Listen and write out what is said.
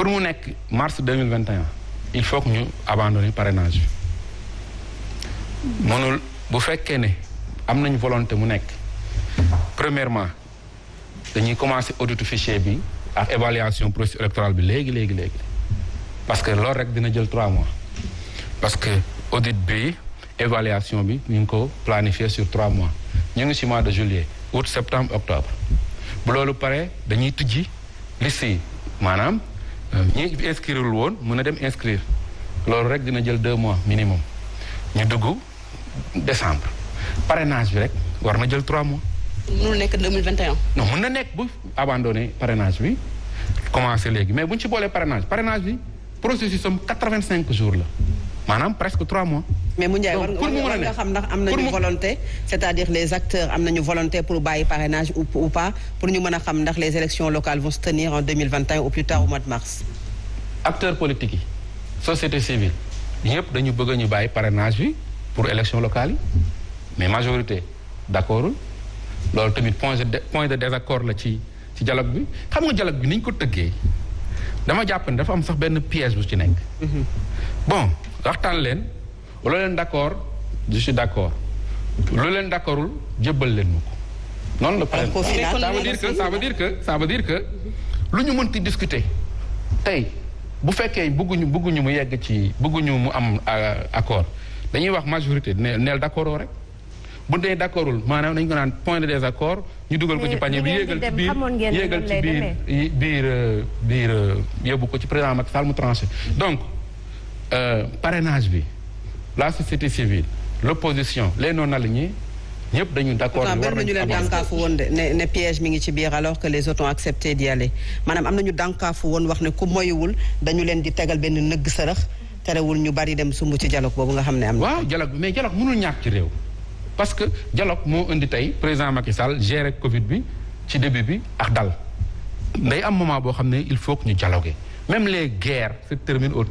pour mu nekk mars deux mille vingt il faut ñu abandonner parrainage bi mënul bu fekkee ne am nañu volonté mu nekk premièrement dañuy commencer audit fichier bi ak évaluation processus électoral bi léegi léegi léegi parce que loolu rek dina jël trois mois parce que audit bi évaluation bi ñu ngi ko planifier sur trois mois ñu ngi ci mois de juillet août septembre octobre bu loolu paree dañuy tijji liste maanaam ñi inscrire woon mën a dem inscrire loolu rek dina jël deux mois minimum ñu dugg décembre parrainage bi rek war na jël trois mois. mënul nekk 2021. non mën na nekk bu abandonné parenage bi commencé léegi mais bu ñu ci boolee parrainage parrainage bi processus am quatre vingt cinq jours la maanaam presque trois mois. mais mu Ndiaye war nga xam ndax am nañu volonté c'est-à-dire les acteurs am nañu volonté pour bàyyi parrainage ou pour ñu mën a xam ndax les élections locales vont se tenir en 2021 au plus tard au mois de mars acteurs politiques yi société civile ñëpp dañu bëgg ñu bàyyi parrainage bi pour élections locales yi mais majorité d'accordul loolu tamit point de point de désaccord la ci ci dialogue bi xam nga dialogue bi ni ñu ko tëggee dama jàpp ne dafa am sax benn piège bu ci nekk mhm. bon loo leen d'accord je suis d'accord loo leen d'accordul jébbal leen mu ko noonu la pare que ça dire que ça veut dire lu ñu mënti discuter tey bu fekkee bëgguñu bëgguñu mu yegg ci bëgguñu mu am accord dañuy wax majorité ne neel d'accord rek bu dee d'accordul maanaam dañu ko naan point de désaccord ñu dugal ko ci panier bi yéegal ci biir yéegal ci biir biir euh, biir euh, yóbbu ko ci président Macky Sall mu donc euh, parrainage bi la société civile l'opposition les non-alignés ñëpp dañu d'accord war nañu leen dànkaafu woon de ne ne piège mi ngi ci biir alors que les autres ont accepté d'y aller maanaam am na nañu dànkaafu woon wax ne ku moywul dañu leen di tegal benn nëgg sërëx terewul ñu bari dem sumb ci dialogue boobu nga xam ne am na waaw dialogue bi mais dialogue mënul ñàkk ci réew parce que dialogue moo indi tey président Macky Sall gérer Covid bi ci début bi ak dal nday am moment boo xam ne il faut que ñu même les guerres se